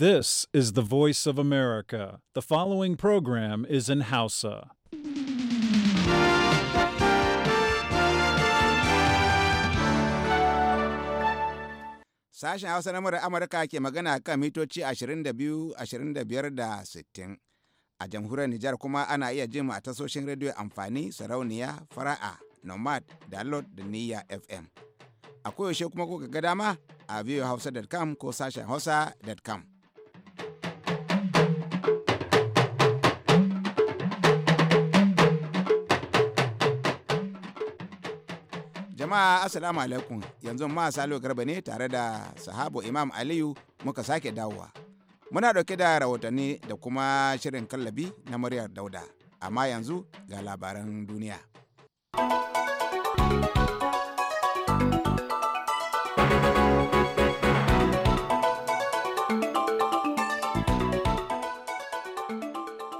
This is the voice of America. The following program is in Hausa. Sashen Hausa na Amurka ke magana kan mitoci 22, 25 da 60. A jamhuriyar Nijar kuma ana iya jin a tasoshin rediyo amfani, sarauniya, fara'a, nomad, download da niyya FM. A koyaushe kuma kuka ga dama a viewhausa.com ko sashen hausa.com. jama'a assalamu alaikum yanzu ma salo garba ne tare da sahabu imam aliyu muka sake dawowa muna dauke da rahotanni da kuma shirin kallabi na muryar dauda amma yanzu ga labaran duniya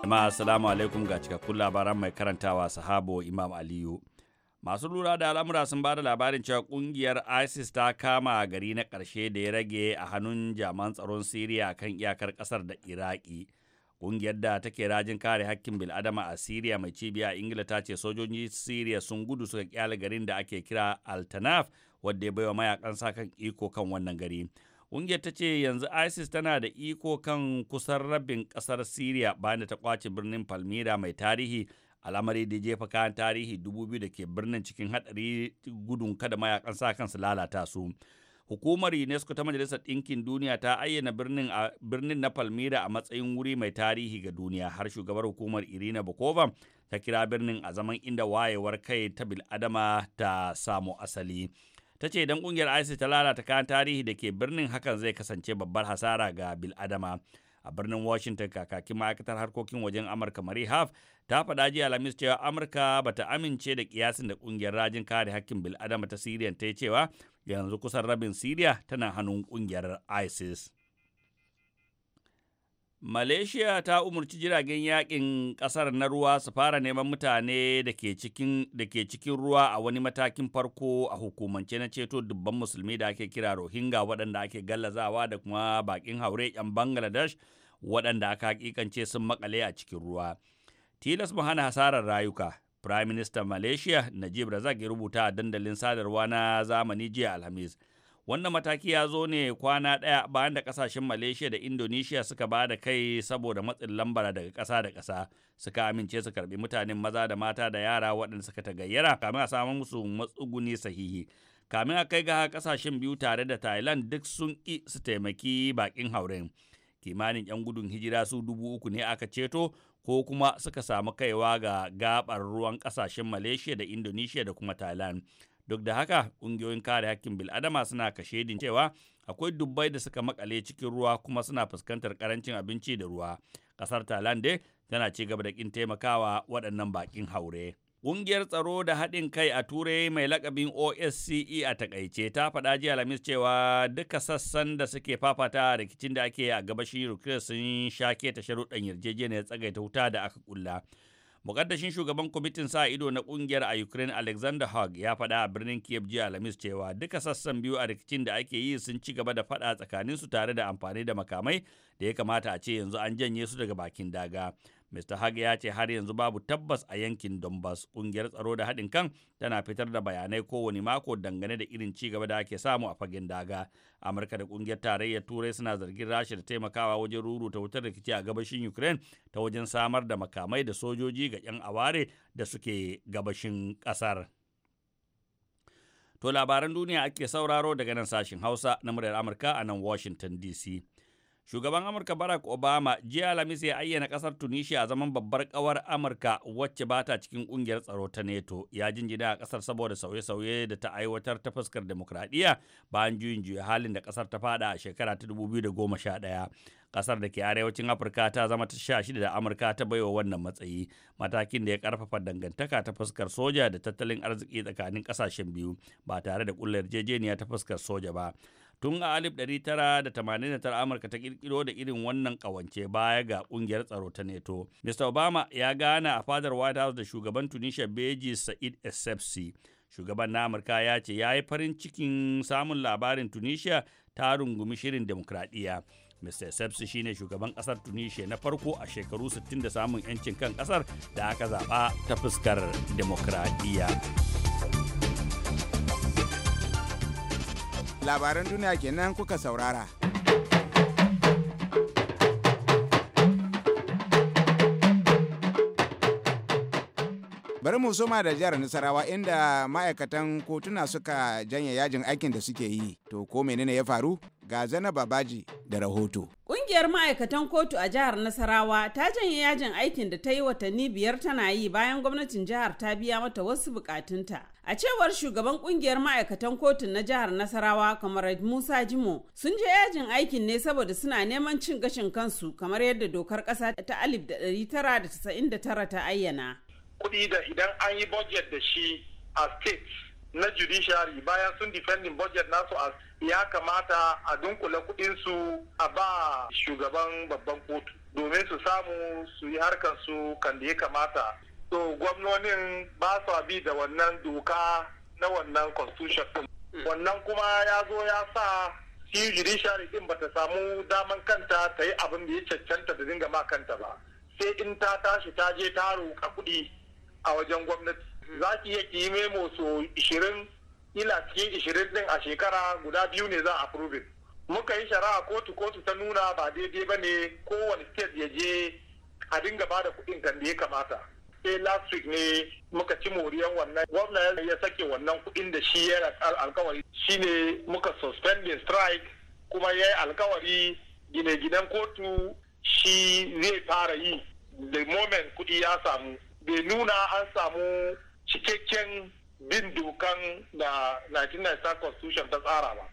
jama'a assalamu alaikum ga cikakkun labaran mai karantawa sahabo imam aliyu masu lura da al'amura sun ba da labarin cewa kungiyar isis ta kama gari na ƙarshe da ya rage a hannun jaman tsaron siriya kan iyakar ƙasar da iraki kungiyar da take rajin kare hakkin bil'adama a siriya mai cibiya a ingila ta ce sojoji siriya sun gudu suka kyale garin da ake kira altanaf wadda ya baiwa mayakan sa kan iko kan wannan gari kungiyar ta ce yanzu isis tana da iko kan kusan rabin ƙasar siriya bayan da ta kwace birnin palmira mai tarihi al'amari da jefa kayan tarihi dubu biyu da ke birnin cikin hadari gudun kada mayakan sa kansu lalata su hukumar unesco ta majalisar ɗinkin duniya ta ayyana birnin birnin na palmira a matsayin wuri mai tarihi ga duniya har shugabar hukumar irina bokova ta kira birnin a zaman inda wayewar kai ta bil'adama ta samu asali ta ce idan kungiyar isis ta lalata kayan tarihi da ke birnin hakan zai kasance babbar hasara ga bil'adama a birnin washington kakakin ma'aikatar harkokin wajen amurka marie haf ta faɗa jiya alhamis cewa amurka ba ta amince da kiyasin da ƙungiyar rajin kare hakkin bil'adama ta siriya ta yi cewa yanzu kusan rabin siriya tana hannun ƙungiyar isis Malaysia ta umarci jiragen yakin kasar na ruwa su fara neman mutane da ke cikin ruwa a wani matakin farko a hukumance na ceto dubban musulmi da ake kira Rohingya waɗanda ake gallazawa da kuma bakin haure 'yan Bangladesh waɗanda aka hakikance sun makale a cikin ruwa. Tilas mu hana hasarar rayuka. Prime Minister Malaysia Najib Razak ya rubuta a dandalin sadarwa na zamani jiya Alhamis. Wannan mataki ya zo ne kwana ɗaya bayan da ƙasashen Malaysia da Indonesia suka ba da kai saboda matsin lambara daga ƙasa da ƙasa suka amince su karɓi mutanen maza da mata da yara waɗanda suka gayyara, kamin a samu musu matsuguni sahihi. Kamin a kai ga ƙasashen biyu tare da Thailand duk sun ƙi su taimaki baƙin hauren. Kimanin 'yan gudun hijira su dubu uku ne aka ceto ko kuma suka samu kaiwa ga gabar ruwan ƙasashen Malaysia da Indonesia da kuma Thailand. duk da haka ƙungiyoyin kare hakkin bil'adama suna kashedin cewa akwai dubbai da suka makale cikin ruwa kuma suna fuskantar karancin abinci da ruwa ƙasar talande tana ci gaba da ƙin taimakawa waɗannan baƙin haure Ƙungiyar tsaro da haɗin kai a Turai mai lakabin OSCE a takaice ta faɗa jiya Alhamis cewa duka sassan da suke fafata rikicin da ake a gabashin Ukraine sun shake ta sharuɗan yarjejeniyar tsagaita wuta da aka ƙulla. Mukaddashin shugaban kwamitin sa ido na kungiyar a Ukraine Alexander Hogg ya faɗa a birnin Kiev jiya Alhamis cewa duka sassan biyu a rikicin da ake yi sun ci gaba da faɗa tsakaninsu tare da amfani da makamai da ya kamata a ce yanzu an janye su daga bakin daga. Mr. Hag ya ce har yanzu babu tabbas a yankin Donbass ƙungiyar tsaro da haɗin kan tana fitar da bayanai kowane mako dangane da irin ci gaba da ake samu a fagen daga. Amurka da ƙungiyar tarayyar Turai suna zargin Rasha da taimakawa wajen ruruta wutar rikici a gabashin Ukraine ta wajen samar da makamai da sojoji ga 'yan aware da suke gabashin ƙasar. To labaran duniya ake sauraro daga nan sashin Hausa na muryar Amurka a nan Washington DC. Shugaban Amurka Barack Obama jiya Alhamis ya ayyana kasar Tunisia a zaman babbar kawar Amurka wacce ba ta cikin kungiyar tsaro ta NATO ya jinjina a kasar saboda sauye-sauye da ta aiwatar ta fuskar demokradiyya bayan juyin juya halin da kasar ta fada a shekara ta 2011. Kasar da ke arewacin Afirka ta zama ta sha shida da Amurka ta baiwa wannan matsayi matakin da ya karfafa dangantaka ta fuskar soja da tattalin arziki tsakanin kasashen biyu ba tare da kullar jejeniya ta fuskar soja ba. tun a 1989 amurka ta kirkiro da irin wannan kawance baya ga kungiyar tsaro ta neto mr obama ya gana a fadar white house da shugaban tunisia beji sa'id essebsi shugaban na amurka ya ce ya yi farin cikin samun labarin tunisia ta rungumi shirin demokradiyya Mr. Sepsi shine shugaban kasar Tunisia na farko a shekaru 60 da samun 'yancin kan kasar da aka zaba ta fuskar demokradiyya. labaran duniya kenan kuka saurara. bari mu soma da jihar nasarawa inda ma'aikatan kotuna suka janye yajin aikin da suke yi to ko menene ya faru ga zana babaji da rahoto Ƙungiyar ma'aikatan kotu a jihar Nasarawa ta janye yajin aikin da ta yi watanni biyar tana yi bayan gwamnatin jihar ta biya mata wasu bukatunta. A cewar shugaban ƙungiyar ma'aikatan kotun na jihar Nasarawa kamar Musa Jimo sun je yajin aikin ne saboda suna neman cin gashin kansu kamar yadda dokar ƙasa ta alif da tara ta ayyana. kuɗi da idan an yi budget da shi a state na judiciary bayan sun defending budget nasu a ya kamata a dunkula kuɗinsu a ba shugaban babban kotu domin su samu su yi harkar su kan da ya kamata to gwamnonin ba su bi da wannan doka na wannan constitution din hmm. wannan kuma ya zo ya sa shi judiciary din bata samu daman kanta ta yi abin da ya cancanta da dinga ma kanta ba sai in ta tashi ta je taro a kuɗi a wajen gwamnati hmm. za ki iya ki memo so 20 ila cikin ishirin din a shekara guda biyu ne za a muka yi shari'a kotu kotu ta nuna ba daidai ba ne kowane state ya je a dinga ba da kuɗin kan da ya kamata sai eh, last week ne muka ci moriyan wannan gwamna ya sake wannan kuɗin da shi ya alkawari shine muka suspending strike kuma ya yi alkawari gine-ginen kotu shi zai fara yi the moment kuɗi ya samu bai nuna an samu cikakken bin dokan da 1995 constitution ta tsara ba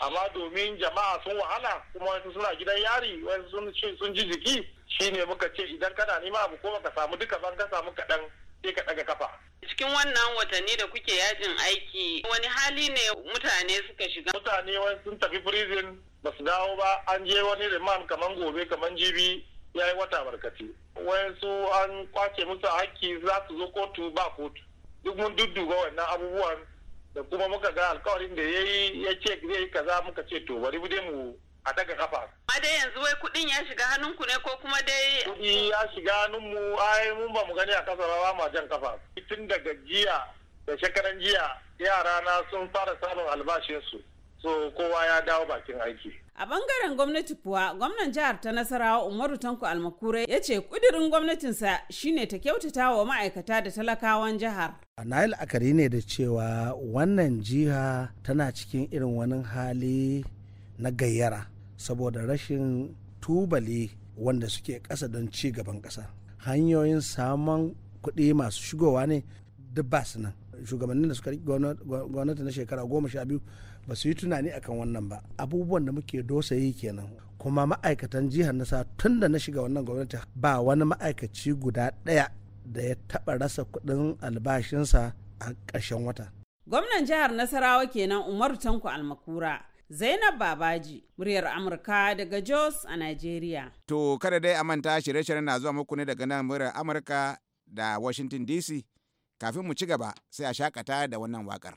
amma domin jama'a sun wahala kuma wasu suna gidan yari wasu sun ji jiki shine muka ce idan kana nema abu ko ka samu duka ban ka samu kaɗan sai ka ɗaga kafa cikin wannan watanni da kuke yajin aiki wani hali ne mutane suka shiga mutane wani sun tafi prison ba su dawo ba an je wani riman kaman gobe kaman jibi ya yi wata barkati wayansu an kwace musu haƙƙi za su zo kotu ba kotu duk mun dudduga wannan abubuwan da kuma muka ga alkawarin da ya yi ya ce zai yi kaza muka ce to bari mu mu a daga kafa. A dai yanzu wai kuɗin ya shiga hannunku ne ko kuma dai. Kuɗi ya shiga hannunmu ai mun ba mu gani a kasa ba ma jan kafa. Tun daga jiya da shekaran jiya yarana sun fara samun albashinsu. so kowa ya dawo bakin aiki a bangaren gwamnati kuwa gwamnan jihar ta nasarawa umaru tanko almakure ya ce kudirin gwamnatinsa shine ta kyautata wa ma'aikata da talakawan jihar na yi la'akari ne da cewa wannan jiha tana cikin irin wani hali na gayyara saboda rashin tubali wanda suke ƙasa don ci gaban ƙasa hanyoyin samun kuɗi masu shigowa ne duk ba su nan shugabannin da suka gwamnati na shekara goma sha biyu ba su yi tunani akan wannan ba abubuwan da muke dosa yi kenan kuma ma'aikatan jihar nasa tun da na shiga wannan gwamnati ba wani ma'aikaci guda ɗaya da ya taɓa rasa kuɗin albashinsa a ƙarshen wata gwamnan jihar nasarawa kenan umar tanko almakura Zainab Babaji, muryar Amurka daga Jos a nigeria. To kada dai a manta shirye-shiryen na zuwa muku ne daga nan muryar Amurka da Washington DC. Kafin mu ci gaba sai a shakata da wannan wakar.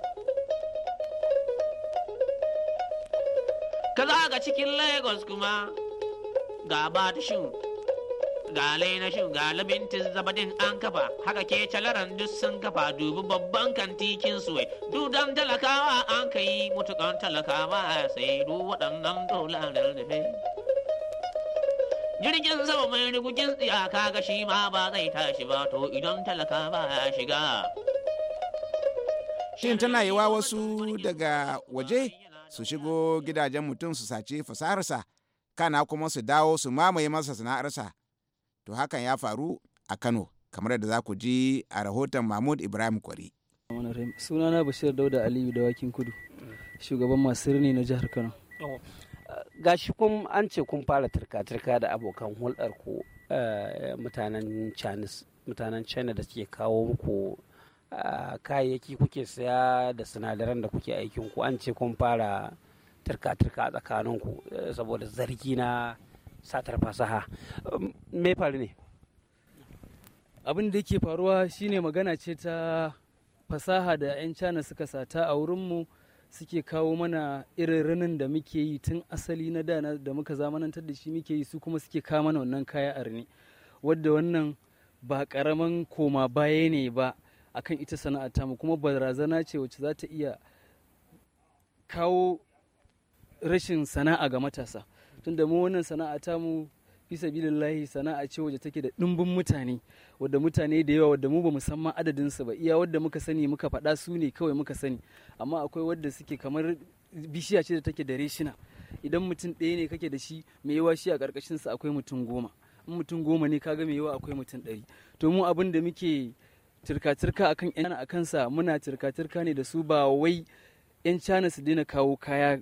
ka za ga cikin lagos kuma ga batishin ga lainashin ga labintin zabadin an kafa haka ke calaran duk sun kafa dubi babban kantikin suwai dudan talakawa an ka yi mutukan talakawa sai du waɗannan dolarar nufe jirgin sama mai rigugin tsiyaka ga shi ma ba zai tashi ba to idan talakawa ya shiga shin tana yi wa wasu daga waje su shigo gidajen mutum su saci fasaharsa kana kuma su dawo su mamaye masa sana'arsa to hakan ya faru a kano kamar da za ku ji a rahoton mahmud ibrahim kwari sunana bashir dauda aliyu da wakin kudu shugaban masu rini na jihar kano oh. gashi kun an ce kun fara turka-turka da abokan hulɗar ku eh, mutanen china da suke kawo muku Ah, kayayyaki kuke saya da sinadaran da kuke aikin ku an ce kun fara turka-turka a tsakaninku eh, saboda zargi na satar fasaha um, me faru ne abin da yake faruwa shine magana ce ta fasaha da 'yan cana suka sata a wurinmu suke kawo mana irin rinin da muke yi tun asali na dana da muka zamanantar da shi muke yi su kuma suke kawo mana wannan kaya a rini wadda wannan ba karaman koma baya ne ba akan ita sana'a tamu kuma barazana ce wacce za ta iya kawo rashin sana'a ga matasa tunda mu wannan sana'a tamu bisa bilillahi sana'a ce wacce take da ɗimbin mutane wadda mutane da yawa wadda mu ba musamman adadin su ba iya wadda muka sani muka faɗa su ne kawai muka sani amma akwai wadda suke kamar bishiya ce da take da reshina idan mutum ɗaya ne kake da shi mai yawa shi a ƙarƙashin sa akwai mutum goma in mutum goma ne kaga mai yawa akwai mutum ɗari to mu abin da muke cirka-cirka akan yan a kansa muna cirka-cirka ne da su ba wai yan cana su daina kawo kaya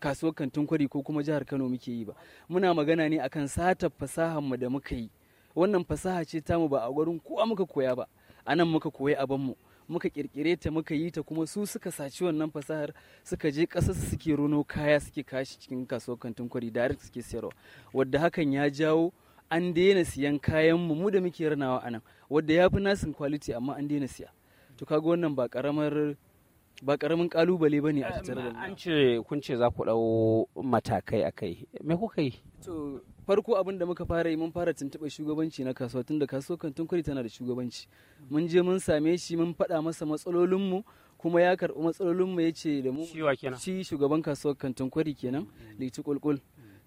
kasuwar kantin kwari ko kuma jihar kano muke yi ba muna magana ne akan sata fasahar mu da muka yi wannan fasaha ce tamu ba a gurin kowa muka koya ba a nan muka koyi abin mu muka kirkire ta muka yi ta kuma su suka saci wannan fasahar suka je ƙasar suke rono kaya suke kashi cikin kasuwar kantin kwari direct suke sayarwa wadda hakan ya jawo an daina siyan kayan mu mu da muke ranawa nan wadda ya fi nasin quality amma an daina siya to kaga wannan ba karamar ba karamin kalubale ba ne a tattare da an ce kun ce za ku ɗau matakai a kai me kuka yi to farko abin da muka fara yi mun fara tuntuɓar shugabanci na kasuwa tunda kasuwar kantin kwari tana da shugabanci mun je mun same shi mun faɗa masa matsalolinmu kuma ya karɓi matsalolinmu ya ce da mu shi shugaban kasuwar kantin kwari kenan mm. litu kulkul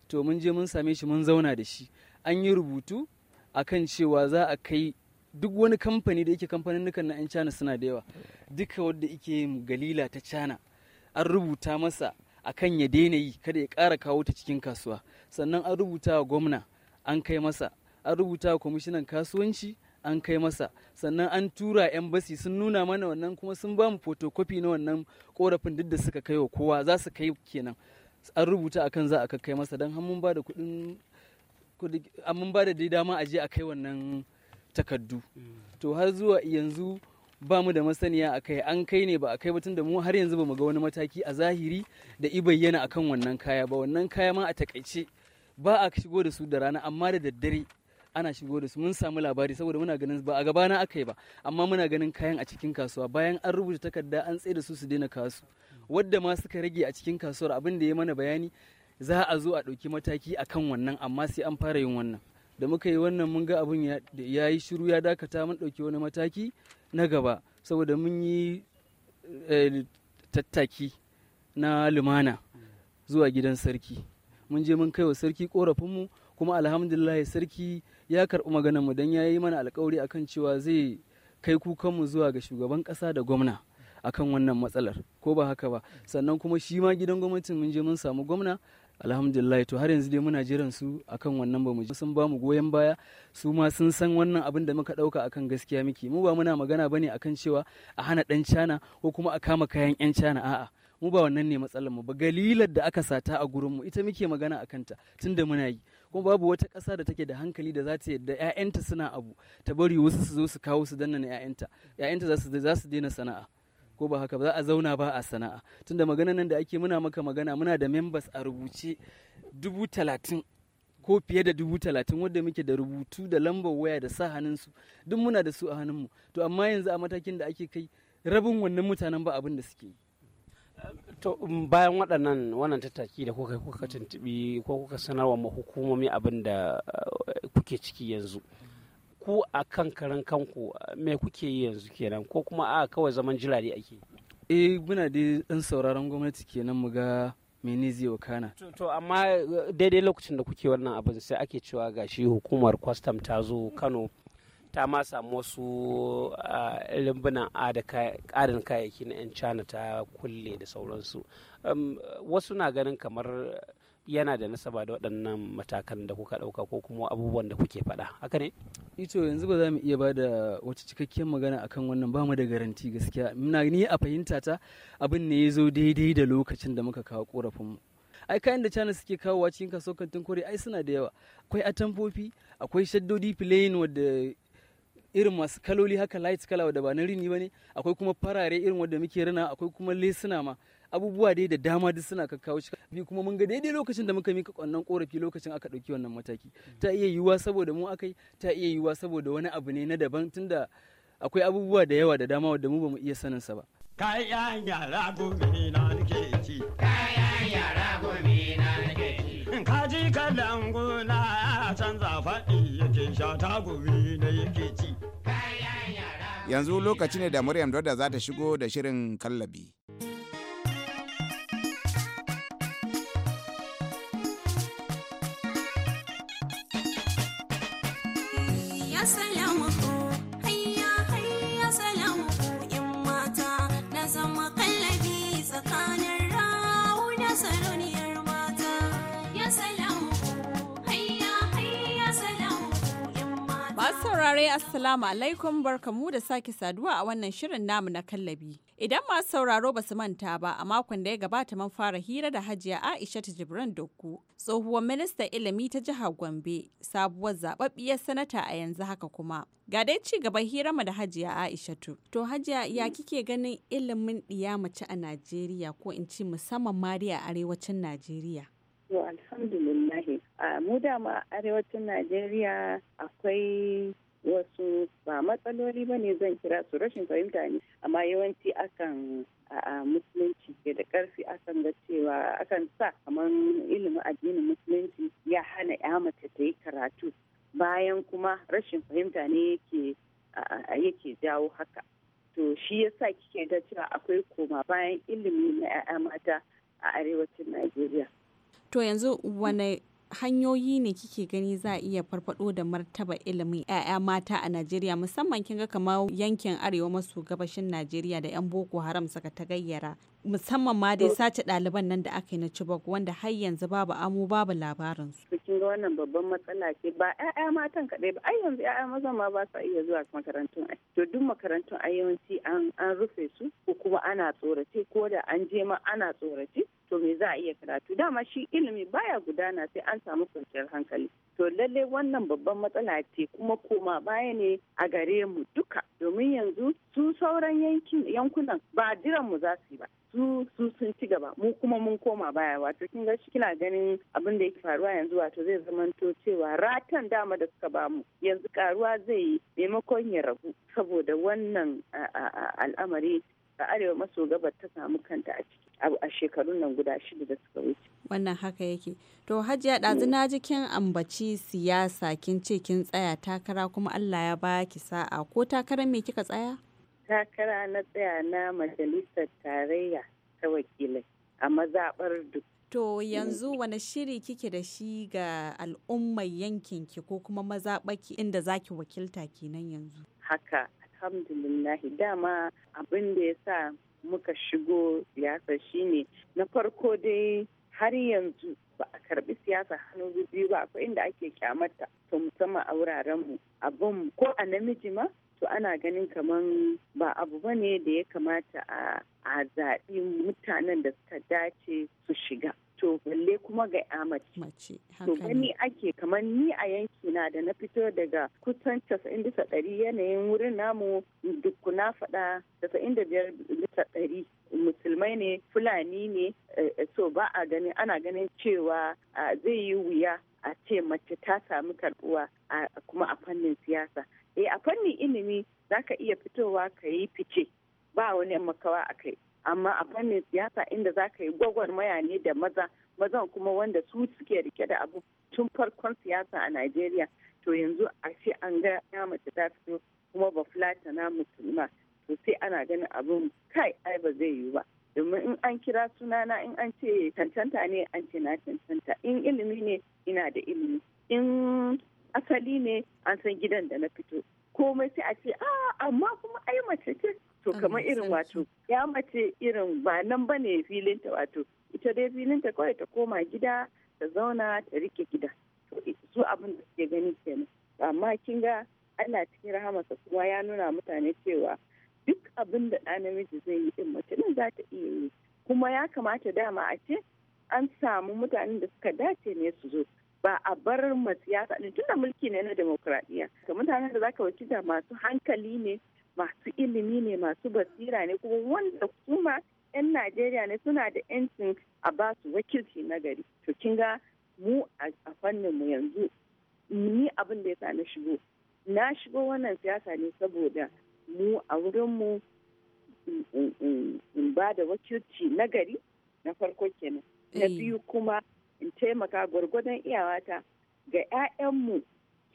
to mun je mun same shi mun zauna da shi an yi rubutu a kan cewa za a kai duk wani kamfani da yake kamfanin na 'yan cana suna da yawa duka wadda ike galila ta cana an rubuta masa a kan ya daina yi kada ya ƙara kawo ta cikin kasuwa sannan an rubuta wa gwamna an kai masa an rubuta wa kwamishinan kasuwanci an kai masa sannan an tura 'yan basi sun nuna mana wannan kuma sun ba mu fotokofi na wannan korafin duk da suka kai wa kowa za su kai kenan an rubuta akan za a kai masa don mun ba da kuɗin mun ba da dai dama a je a kai wannan takardu mm. to har zuwa yanzu ba mu da masaniya a kai an kai ne ba a kai ba tunda mu har yanzu ba mu ga wani mataki a zahiri da i bayyana akan wannan kaya ba wannan kaya ma a takaice ba a shigo da su da rana amma da daddare ana shigo da su mun samu labari saboda muna ganin ba a gabana aka yi ba amma muna ganin kayan a cikin kasuwa bayan an rubuta takarda an tsaye da su su daina kasu mm. wadda ma suka rage a cikin kasuwar abin da ya mana bayani za a zo a ɗauki mataki akan wannan amma sai an fara yin wannan da muka yi wannan mun ga abun ya yi shiru ya dakata mun ɗauki wani mataki na gaba saboda mun yi eh, tattaki na lumana zuwa gidan sarki mun je mun kai wa sarki korafinmu kuma alhamdulillah sarki ya karɓi maganarmu don ya yi mana alkawari akan cewa zai kai kukanmu zuwa ga shugaban ƙasa da gwamna akan wannan matsalar ko ba haka ba sannan kuma shi ma gidan gwamnatin mun je mun samu gwamna alhamdulillah to har yanzu dai muna jiran su akan wannan ba mu ji sun ba goyon baya su ma sun san wannan abin da muka dauka akan gaskiya miki mu ba muna magana bane akan cewa a hana dan cana ko kuma a kama kayan yan cana a'a mu ba wannan ne matsalar mu ba galilar da aka sata a gurin mu ita muke magana akan ta tunda muna yi kuma babu wata ƙasa da take da hankali da za ta yadda 'ya'yanta suna abu ta bari wasu su zo su kawo su danna 'ya'yanta 'ya'yanta za su daina sana'a ko ba haka ba za a zauna ba a sana'a tunda magana nan da ake muna maka magana muna da members a rubuce dubu talatin ko fiye da dubu talatin wadda muke da rubutu da lambar waya da sa hannunsu duk muna da su a hannunmu to amma yanzu a matakin da ake kai rabin wannan mutanen ba abin da suke yi to um, bayan waɗannan wannan tattaki da kuka kuka tuntubi ko kuka sanarwa mahukumomi abin da uh, kuke ciki yanzu ku a kan karan kanku me kuke yi yanzu kenan ko kuma a kawai zaman jira ake E, muna dai 'yan sauraron gwamnati kenan mu ga mene zai wakana to amma eh, daidai lokacin da kuke wannan abin sai ake cewa gashi hukumar kwastam ta zo Kano ta ma samu wasu limbunan ƙarin kayayyaki na 'yan cana ta kulle da sauransu wasu na ganin kamar yana da nasaba da waɗannan matakan da kuka ɗauka ko kuma abubuwan da kuke faɗa haka ne ito yanzu ba za mu iya ba da wata cikakkiyar magana akan wannan ba mu da garanti gaskiya muna ni a fahimta ta abin ne ya zo daidai da lokacin da muka kawo korafin ai kayan da cana suke kawowa cikin kaso kantin kore ai suna da yawa akwai atamfofi akwai shaddodi filayin wadda irin masu kaloli haka light kala wadda ba na rini ba ne akwai kuma farare irin wadda muke rina akwai kuma lesuna ma abubuwa dai da dama duk suna kakkawo shi bi kuma mun ga daidai lokacin da muka mika wannan korafi lokacin aka dauki wannan mataki ta iya yiwuwa saboda mu akai ta iya yiwuwa saboda wani abu ne na daban tunda akwai abubuwa da yawa da dama wanda mu bamu iya sanin sa ba kayan yara gobe na nake ci kayan yara gobe na nake ci kaji kallon gona canza faɗi yake sha ta gobe na yake ci yanzu lokaci ne da Maryam Dauda za ta shigo da shirin kallabi. essa é uma coisa. saurare Assalamu alaikum barkamu da sake saduwa a wannan shirin namu na kallabi. Idan masu sauraro ba su manta ba a makon da ya gabata man fara hira da Hajiya Aisha ta Jibran doku. tsohuwar minista ilimi ta jihar Gombe, sabuwar zababbiyar sanata a yanzu haka kuma. Ga dai ci gaba hira da Hajiya Aisha tu. To Hajiya ya kike ganin ilimin ɗiya mace a Najeriya ko in ce musamman Mariya arewacin Najeriya? To alhamdulillah mu dama arewacin Najeriya akwai wasu ba matsaloli ba ne zan kira su rashin fahimta ne amma yawanci akan a musulunci ke da karfi akan ga cewa akan sa kamar ilimin addinin musulunci ya hana ya mace ta yi karatu bayan kuma rashin fahimta ne yake yake jawo haka to shi yasa kike ga cewa akwai koma bayan ilimi na 'ya'ya mata a arewacin najeriya to yanzu wane hanyoyi ne kike gani za a iya farfado da martaba ilimin 'ya'ya mata a Najeriya musamman kin ga kamar yankin arewa maso gabashin Najeriya da 'yan Boko Haram suka ta gayyara musamman ma dai sace ɗaliban nan da aka yi na Chibok wanda har yanzu babu amu babu labarin su. Kin ga wannan babban matsala ce ba 'ya'ya matan kaɗai ba ai yanzu 'ya'ya maza ma ba sa iya zuwa makarantun ai. To duk makarantun ai yawanci an rufe su ko kuma ana tsorace ko da an je ma ana tsorace to me za a iya karatu dama shi ilimi baya gudana sai an samu kwanciyar hankali to lalle wannan babban matsala ce kuma koma baya ne a gare mu duka domin yanzu su sauran yankin yankunan ba jiran mu za su yi ba su sun ci gaba mu kuma mun koma baya wato kin ga shi kina ganin abin da yake faruwa yanzu wato zai zamanto cewa ratan dama da suka bamu yanzu karuwa zai yi maimakon ya ragu saboda wannan al'amari a arewa maso gabar ta samu kanta a ciki a shekarun nan guda shida da suka wuce. Wannan haka yake. To Hajiya ɗazu mm. na ji kin ambaci siyasa kin ce kin tsaya takara kuma Allah ya ba ki sa'a ko takarar me kika tsaya? Takara na tsaya na majalisar tarayya ta wakilai a mazaɓar duk. To yanzu wani shiri kike da shi ga al'ummar ki ko kuma mazaɓaki inda zaki wakilta kenan yanzu? Haka alhamdulillahi dama abin da ya sa muka shigo siyasa shine na farko dai har yanzu ba a karbi siyasa hannu biyu ba akwai inda ake kyamata to musamman a wurarenmu abin ko a namiji ma to ana ganin kaman ba abu bane da ya kamata a zaɓi mutanen da suka dace su shiga to balle kuma ga ya mace. To gani ake kamar ni a yanki na da na fito daga kusan casa'in bisa ɗari yanayin wurin namu na faɗa casa'in bisa ɗari musulmai ne fulani ne eh, so ba a gani ana ganin cewa zai yi wuya a ce mace ta sami karbuwa kuma a fannin siyasa. Eh a fannin ilimi za ka iya fitowa ka yi fice ba wani makawa a kai amma a fannin siyasa inda za ka yi gwagwarmaya ne da maza mazan kuma wanda su suke rike da abu tun farkon siyasa a najeriya to yanzu a ce an ga ya mace ta fito kuma ba fulata na musulma sosai ana ganin abin kai ai ba zai yiwu ba domin in an kira sunana in an ce cancanta ne an ce na cancanta in ilimi ne ina da ilimi in asali ne an san gidan da na fito komai sai a ce a ah, amma kuma ai mace ce to kamar irin wato ya mace irin ba nan ba ne filinta wato ita dai filinta kawai ta koma gida ta zauna ta rike gida su abin da suke gani kenan amma kin ga ana cikin rahamarsa kuma ya nuna mutane cewa duk abin da ɗan namiji zai yi din mace nan za ta iya yi kuma ya kamata dama a ce an samu mutanen da suka dace ne su zo ba a bar masu siyasa ne tunda mulki ne na demokradiyya ga mutanen da zaka wakilta masu hankali ne masu ilimi ne masu basira ne kuma wanda kuma 'yan najeriya ne suna da 'yancin a ba su wakilci na gari to kin ga mu a fannin mu yanzu ni abin da sa na shigo na shigo wannan siyasa ne saboda mu a wurin mu in ba da wakilci na gari na farko kenan na eh. biyu kuma in taimaka gwargwadon iyawata ga 'ya'yanmu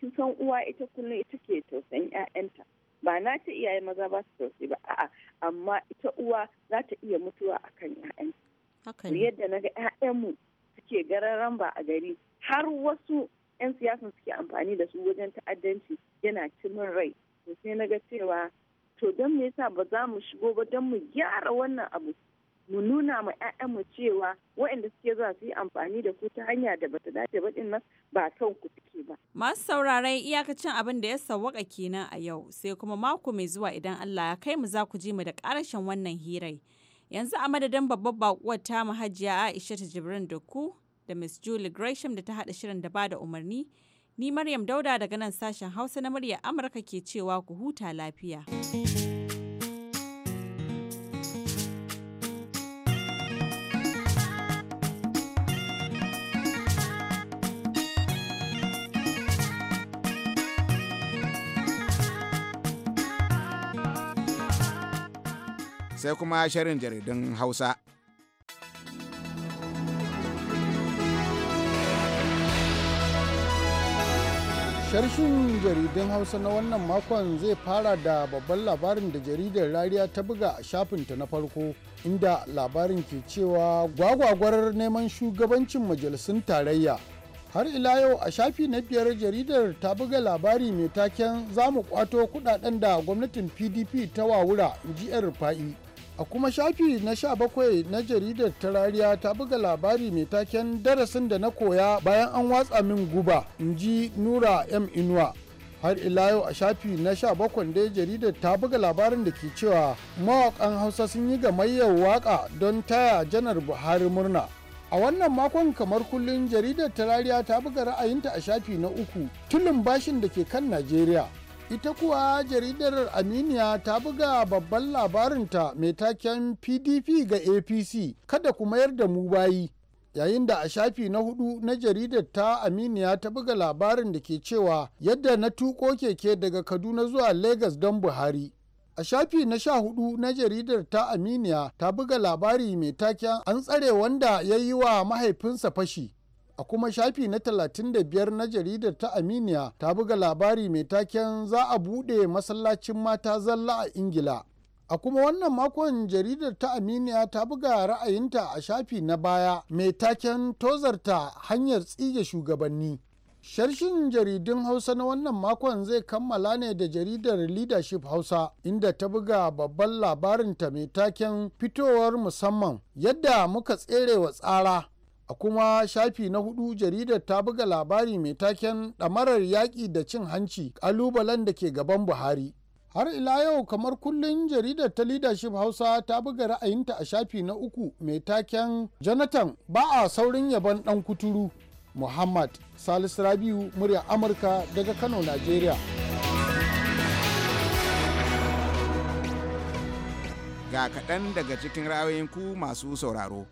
kin san uwa ita kullum ita ke tausayin 'ya'yanta ba na ta iyaye maza ba su tausayi ba a'a amma ita uwa za ta iya mutuwa akan ƴaƴan yadda na ga ƴaƴanmu suke gararan ba a gari har wasu 'yan siyasan suke amfani da su wajen ta'addanci yana cimin rai to sai na ga cewa to don me yasa ba za mu shigo ba don mu gyara wannan abu mu nuna ma 'ya'yanmu cewa waɗanda suke zuwa su yi amfani da ku ta hanya da bata dace ba din nan ba kan ku suke ba. Masu sauraron iyakacin abin da ya sawwaka kenan a yau sai kuma mako mai zuwa idan Allah ya kai mu za ku ji mu da ƙarashin wannan hirai. Yanzu a madadin babbar bakuwar ta mu Aisha ta Jibrin da ku da Miss Julie Gresham da ta haɗa shirin da ba da umarni. Ni Maryam Dauda daga nan sashen Hausa na murya Amurka ke cewa ku huta lafiya. sai kuma shirin jaridun Hausa. Sharshin jaridun Hausa na wannan makon zai fara da babban labarin da jaridar Rariya ta buga a shafinta na farko, inda labarin ke cewa gwagwagwar neman shugabancin majalisun tarayya. Har ila yau a shafi na biyar jaridar ta buga labari mai taken zamu kwato kudaden da gwamnatin PDP ta wawura, ji a kuma shafi na sha bakwai na jaridar tarariya ta buga labari mai taken darasin da na koya bayan an watsa min guba in ji nura m inuwa har ila yau a shafi na sha bakwai jaridar ta buga labarin da ke cewa mawakan hausa sun yi ga gamayyar waka don taya janar buhari murna a wannan makon kamar kullum jaridar tarariya ta buga ra'ayinta a shafi na uku tulin bashin da ke kan najeriya ita kuwa jaridar aminiya ta buga babban labarinta mai taken pdp ga apc kada kuma mayar da mu bayi yayin da a shafi na hudu na jaridar ta aminiya ta buga labarin da ke cewa yadda na tuko keke daga kaduna zuwa lagos don buhari a shafi na sha hudu na jaridar ta aminiya ta buga labari mai taken an tsare wanda ya yi wa mahaifinsa fashi a kuma shafi na 35 na jaridar ta aminiya ta buga labari mai taken za a buɗe masallacin mata zalla a ingila a kuma wannan makon jaridar ta aminiya ta buga ra'ayinta a shafi na baya mai taken tozarta hanyar tsige shugabanni Sharshin jaridun Hausa na wannan makon zai kammala ne da jaridar Leadership Hausa inda ta buga babban labarinta mai taken fitowar musamman yadda muka tsere wa tsara a kuma shafi na hudu jaridar ta buga labari mai taken ɗamarar yaƙi da cin hanci ƙalubalen da ke gaban buhari har ila yau kamar kullum jaridar ta leadership hausa ta buga ra'ayinta a shafi na uku mai taken jonathan ba a saurin yaban ɗan kuturu muhammad salisu rabiu murya amurka daga kano nigeria ga kaɗan daga cikin ra'ayoyinku masu sauraro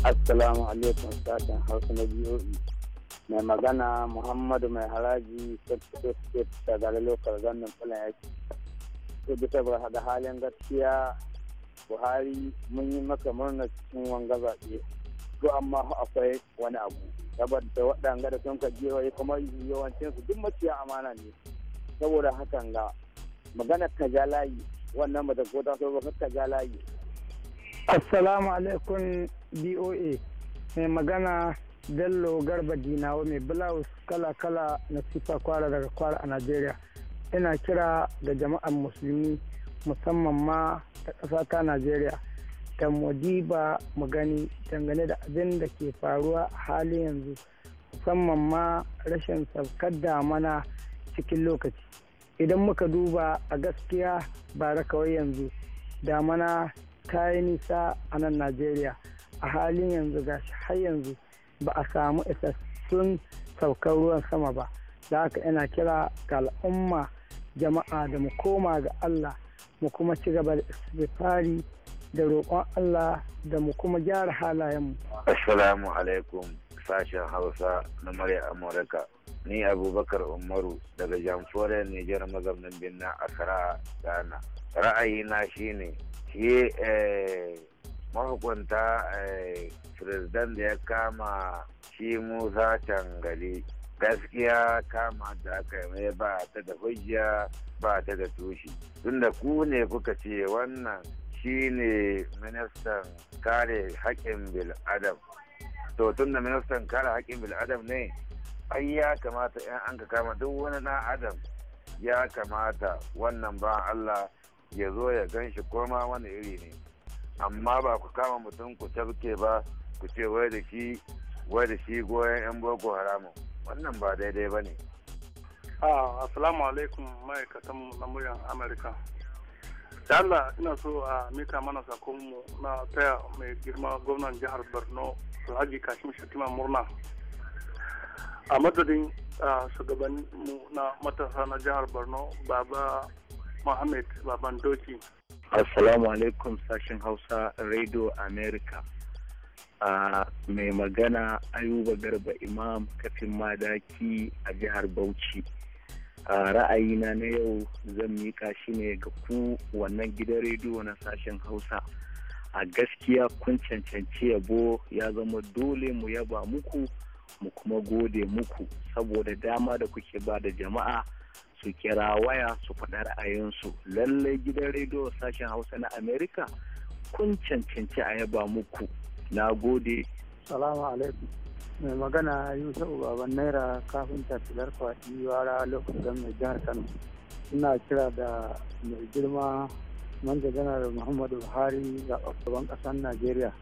Assalamu alaikum sashen Hausa na biyoyi. E. Mai magana Muhammadu Mai Haraji sai State daga lokar gannin Fulani yake. To bisa da halin gaskiya Buhari mun yi maka murna cikin wanga zaɓe. To amma akwai wani abu. Saboda waɗanga da sun kaje wai kuma yawancin su duk maciya amana ne. Saboda hakan ga magana kajalayi wannan ba da ko so ba ka layi. Assalamu alaikum BOA mai magana Bello Garba Dinawa mai blouse kala-kala na sifa kwara daga kwara a Najeriya. Ina kira da jama'ar musulmi musamman ma da ƙasa ta Najeriya. Da mu diba mu gani dangane da abin da ke faruwa a halin yanzu musamman ma rashin saukar damana cikin lokaci. Idan muka duba a gaskiya bara kawai yanzu damana kayan nisa a nan najeriya a halin yanzu gashi har yanzu ba a samu isassun saukar ruwan sama ba da haka yana kira ga al'umma jama'a da mu koma ga allah mu kuma ci gaba da istifari da roƙon allah da mu kuma gyara halayenmu assalamu alaikum sashen hausa na murya amurka ni abubakar umaru daga jamforen nijar mazaunin birnin akara ghana ra'ayina shine shi eh, mahukunta firisdan eh, da ya kama shi musa tangali gaskiya kama da aka mai ba ta da hujja ba ta da tushi tunda ku ne kuka ce wannan shi ne ministan kare haƙƙin bil'adam to tunda ministan kare haƙƙin bil'adam ne ai ya kamata in an ka kama duk wani na adam ya kamata wannan ba Allah ya zo ya gan shi ma wani iri ne amma ba ku kama mutum ku tabke ba ku ce wai da shi wai da shi goyon yan boko haramu wannan ba daidai ba ne ah, assalamu alaikum ma'aikatan na muryan amurka da allah ina so a mika mana sakonmu na taya mai girma gwamnan jihar borno alhaji kashim shatima murna a madadin ah, shugabanmu na matasa na jihar borno baba Mohammed Baban Assalamu alaikum sashen Hausa Radio America. Uh, mai magana Ayuba Garba Imam kafin madaki a jihar Bauchi. Uh, ra'ayina na yau zan miƙa shi ne ga ku wannan gidan rediyo na sashen Hausa. A gaskiya kun cancanci yabo ya zama dole mu yaba muku mu kuma gode muku saboda dama da kuke ba da jama'a. su kira waya su faɗa ra'ayinsu lallai gidan rediyo sashen hausa na amerika kun cancanci a yaba muku na gode salamu alaikum mai magana yusufu baban naira kafin tafilar kwaɗi wara lokacin mai jihar kano ina kira da mai girma manja janar muhammadu buhari ga shugaban ƙasar najeriya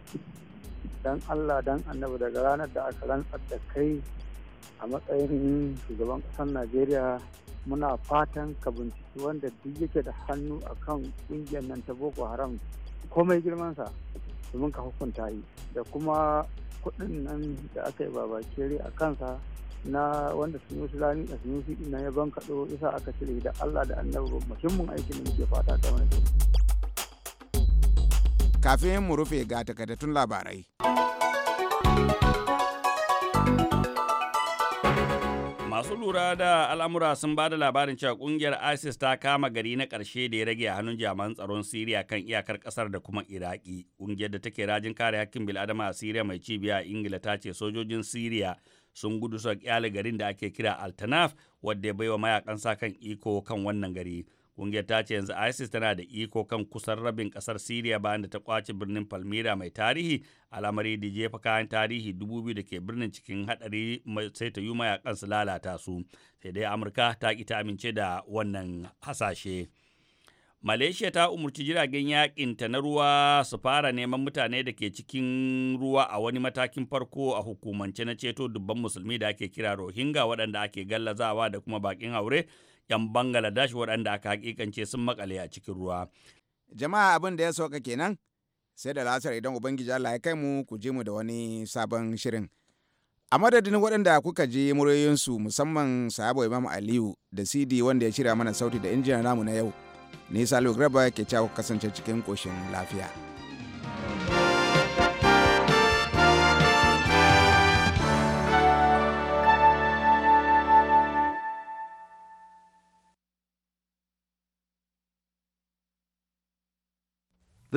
dan allah dan annabi daga ranar da aka rantsar da kai a matsayin shugaban ƙasar najeriya muna fatan ka binciki wanda duk yake da hannu a kan ƙungiyar nan ta boko haram komai girmansa domin ka hukunta yi da kuma kuɗin nan da aka yi kere a kansa na wanda sun yi rani da sun yi na ya ban kaɗo isa aka cire da allah da annabi muhimmin aikin da muke fata ta wani kafin mu rufe ga takaddatun labarai Masu lura da al'amura sun ba da labarin cewa kungiyar ISIS ta kama gari na ƙarshe da ya rage a hannun jami'an tsaron Siriya kan iyakar ƙasar da kuma Iraki. Kungiyar da take rajin kare hakkin bil'adama a Siriya mai cibiya a Ingila ta ce sojojin Siriya sun gudu suka kyale garin da ake kira Altanaf wadda ya bai wa mayakan sa kan iko kan wannan gari. Ƙungiyar ta ce yanzu ISIS tana da iko kan kusan rabin ƙasar Siriya bayan da ta kwace birnin Palmyra mai tarihi, al'amari da jefa kayan tarihi dubu biyu da ke birnin cikin hadari sai ta yi mayakan su lalata su. Sai dai Amurka ta ƙi ta amince da wannan hasashe. Malaysia ta umarci jiragen ta na ruwa su fara neman mutane da ke cikin ruwa a wani matakin farko a hukumance na ceto dubban musulmi da ake kira Rohingya waɗanda ake gallazawa da kuma bakin aure 'yan Bangaladesh waɗanda aka hakikance sun makale a cikin ruwa. Jama'a abin da ya sauka kenan sai da lasar idan Ubangiji Allah ya kai mu ku je mu da wani sabon shirin. A madadin waɗanda kuka je muryoyinsu musamman sahabo Imam Aliyu da CD wanda ya shirya mana sauti da injiniya namu na yau. Ni Salu Graba ke cewa kasance cikin koshin lafiya.